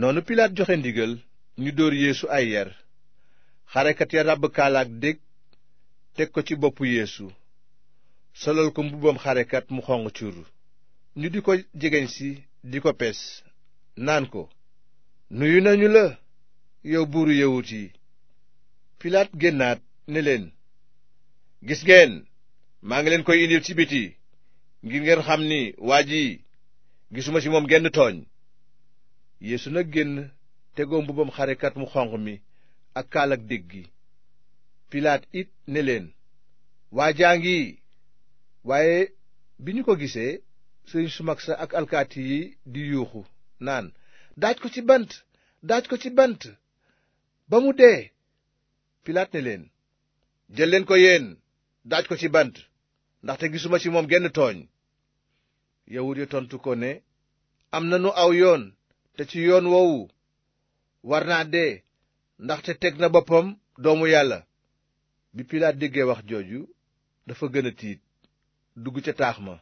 noonu pilaat joxe ndigal ñu dóor yéesu ay yar xarekat ya ràbb kaalaak dég teg ko ci boppu yeesu solal ko mbubbam xarekat mu xonq cur ñu di ko jegeñ si di ko pes naan ko nuyu nañu la yow buuru yawut yi pilaat génnaat ne leen gis ngeen maa ngi leen koy indil ci biti ngir ngeen xam ni waa ji gisuma ci moom genn tooñ yéesu nag génn tegoo mbubam xarekat mu xonq mi ak kaalak dégg gi pilaat it ne leen waa jaa ngi waaye bi ñu ko gisee su mag ak alkaati yi di yuuxu naan daaj ko ci bant daaj ko ci bant ba mu dee pilaat ne leen jël leen ko yéen daaj ko ci bant ndaxte gisuma ci moom genn tooñ yawut ya tontu ko ne am na nu aw yoon te ci yoon woowu war naa dee ndaxte teg na boppam doomu yàlla bi pilaat déggee wax jooju dafa gën a tiit dugg ca taax ma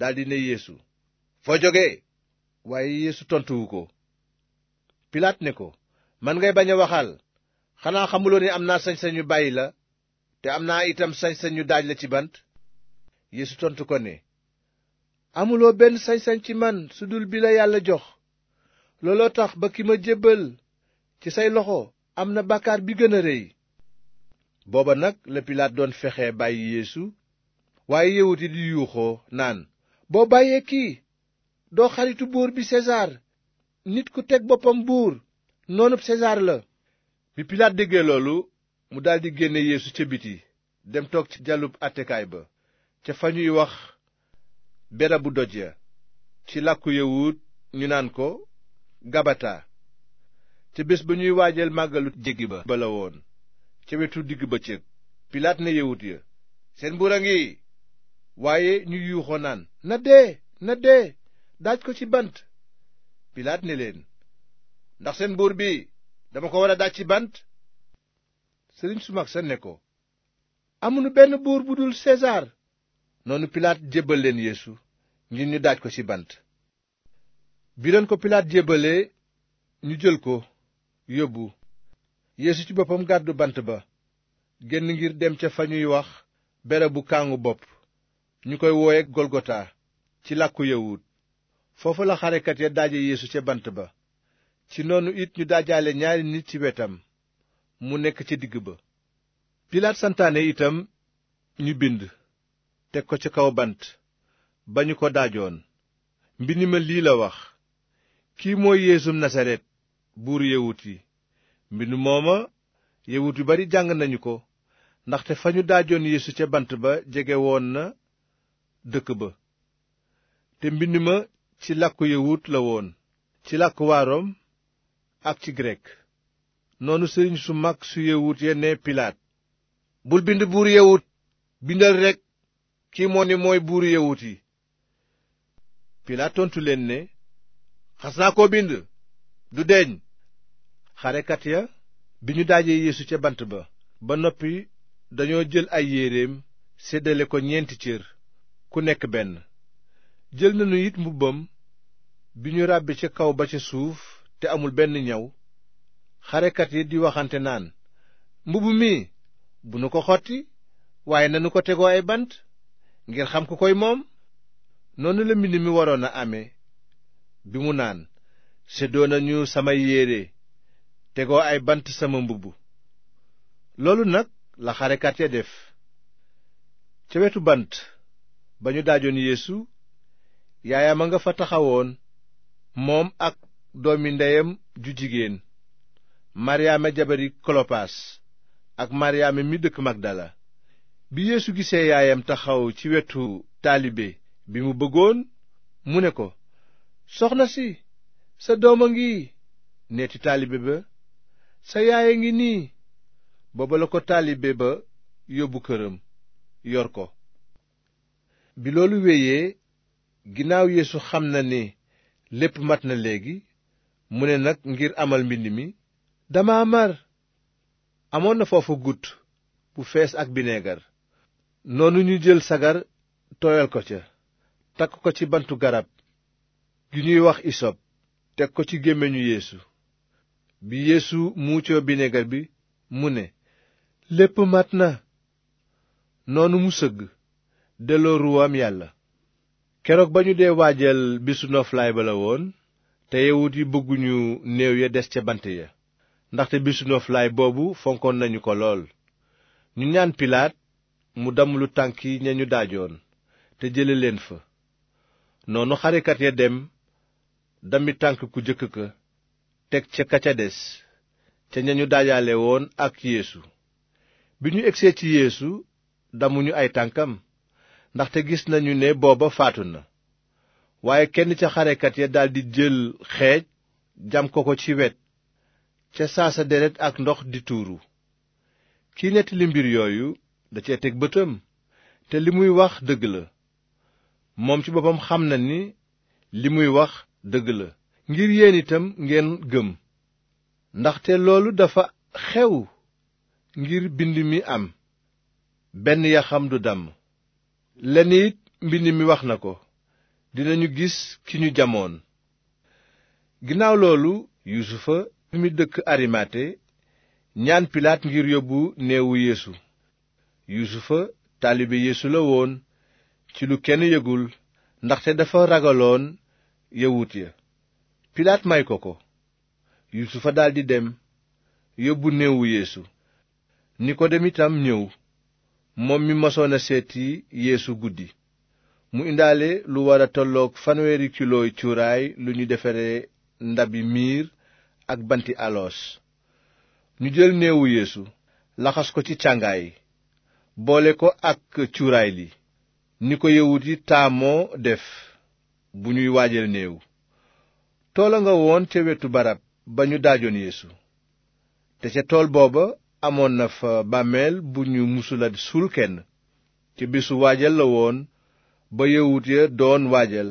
daldi ne yéesu foo jóge waaye yeesu tontuwu ko pilaat ne ko man ngay bañ a waxal xanaa xamuloo ni am naa sañsañ yu bàyyi la te am naa itam sañ-sañu daaj la ci bant yeesu tontu ko ne amuloo benn sañ-sañ ci man su dul bi la yàlla jox looloo tax ba ki ma jébbal ci say loxo am na bàkkaar bi gën a rëy booba nag la pilaat doon fexe bàyyi yeesu waaye yawut yi di yuuxoo naan boo bàyyee kii doo xaritu buur bi sesaar nit ku teg boppam buur noonu sesaar la bi pilaat déggee loolu mu daldi génne yéesu ca biti dem toog ci jalub attekaay ba ca fa ñuy wax berabu doj ya ci làkku yawut ñu naan ko gabata ca bés ba ñuy waajal màggalu jéggi ba ba la woon ca wetu digg bëccëg pilaat ne yawut ya seen buur a ngi waaye ñu yuuxoo naan na dee na dee daaj ko ci bant pilaat ne leen ndax seen buur bi dama ko war a daaj ci bant sëriñ su mag sa ne ko amunu benn buur bu dul sesaar noonu pilaat jébbal leen yéesu ngir ñu daaj ko ci bant bi leen ko pilaat jébalee ñu jël ko yóbbu yéesu ci boppam gàddu bant ba génn ngir dem ca fa ñuy wax bu kàngu bopp ñu koy wooye golgota ci làkku yawut foofa la xarekat ya daaje yéesu ca bant ba ci noonu it ñu daajaale ñaari nit ci wetam mu nekk ci digg ba pilaat santaane itam ñu bind teg ko ca kaw bant ba ñu ko daajoon mbind ma lii la wax kii mooy yeesum nasaret buuru yawut yi mbind mooma yawut yu bari jàng nañu ko ndaxte fa ñu daajoon yeesu ca bant ba jege woon na dëkk ba te mbind ma ci làkku yawut la woon ci làkku waa ak ci grek noonu sëriñ su mag su yawut ya pilaat bul bind buuru yawut bindal rekk kii moo ni mooy buur yawut yi pilaat tontu leen ne xas naa ko bind du deñ xarekat ya bi ñu daajee yeesu ca bant ba ba noppi dañoo jël ay yéreem séddale ko ñeenti cër ku nekk benn jël nañu it mbubbam bi ñu ràbbi ca kaw ba ca suuf te amul benn ñaw xarekat yi di waxante naan mbubb mi bu nu ko xotti waaye nanu ko tegoo ay bant ngir xam ku koy moom noonu la mbind mi waroon a amee bi mu naan seddoo nañu sama yére tegoo ay bant sama mbubb loolu nag la xarekat ya def ca wetu bant ba ñu daajoon yeesu yaayam a nga fa taxawoon moom ak doomi ndeyam ju jigéen maryaama jabari kolopaas ak maryaama mi dëkk magdala bi yeesu gisee yaayam taxaw ci wetu taalibe bi mu bëggoon mu ne ko soxna si sa doom a ngi neeti taalibe ba sa yaay a ngi nii booba la ko taalibe ba yóbbu këram yor ko bi loolu wéyee ginnaaw yéesu xam na ni lépp mat na léegi mu ne nag ngir amal mbind mi dama mar amoon na foofa gudd bu fees ak bineegar noonu ñu jël sagar tooyal ko ca takk ko ci bantu garab ju ñuy wax isop teg ko ci gémmiñu yéesu bi Yeesu muucoo binegar bi mu ne lépp mat na noonu mu sëgg delloo ruwaam yàlla keroog ba ñu dee waajal bisu noflaay ba la woon te yawut yi bëgguñu néew ya des ca bant ya ndaxte bisu noflaay boobu fonkoon nañu ko lool ñu ñaan pilaat mu damm lu tànk yi ña ñu daajoon te jële leen fa noonu xarekat ya dem dammi tànk ku jëkk ka teg ca ka ca des ca ñañu dajale woon ak yéesu bi ñu egsee ci yeesu damuñu ay tànkam ndaxte gis nañu ne booba faatu na waaye kenn ca xarekat ya daldi jël xeej jam ko ko ci wet ca saasa deret ak ndox di tuuru kiy nettali mbir yooyu da cee teg bëtam te li muy wax dëgg la moom ci boppam xam na ni li muy wax dëgg la ngir yéen itam ngeen gëm ndaxte loolu dafa xew ngir mbind mi am benn yaxam du damm lenn it mbind mi wax na ko dinañu gis ki ñu jamoon ginnaaw loolu yuusufa mi dëkk arimate ñaan pilaat ngir yóbbu neewu yéesu yuusufa taalibe yeesu la woon ci lu kenn yëgul ndaxte dafa ragaloon yawut ya pilaat may ko ko yuusufa daldi dem yóbbu ni ko dem itam ñëw moom mi mosoon a seeti yéesu guddi mu indaale lu war a tolloog fanweeri kilooy cuuraay lu ñu defare ndabi miir ak banti aloos ñu jël néewu yéesu laxas ko ci càngaay boole ko ak cuuraay li ni ko yawut yi taamoo def bu ñuy waajal néew toola nga woon ca wetu barab ba ñu daajoon yéesu te ca tool booba amoon na fa bàmmeel bu ñu musula suul kenn ca bisu waajal la woon ba yawut ya doon waajal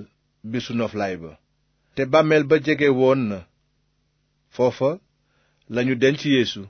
bisu noflaay ba te bàmmeel ba jege woon na foofa lañu denc yéesu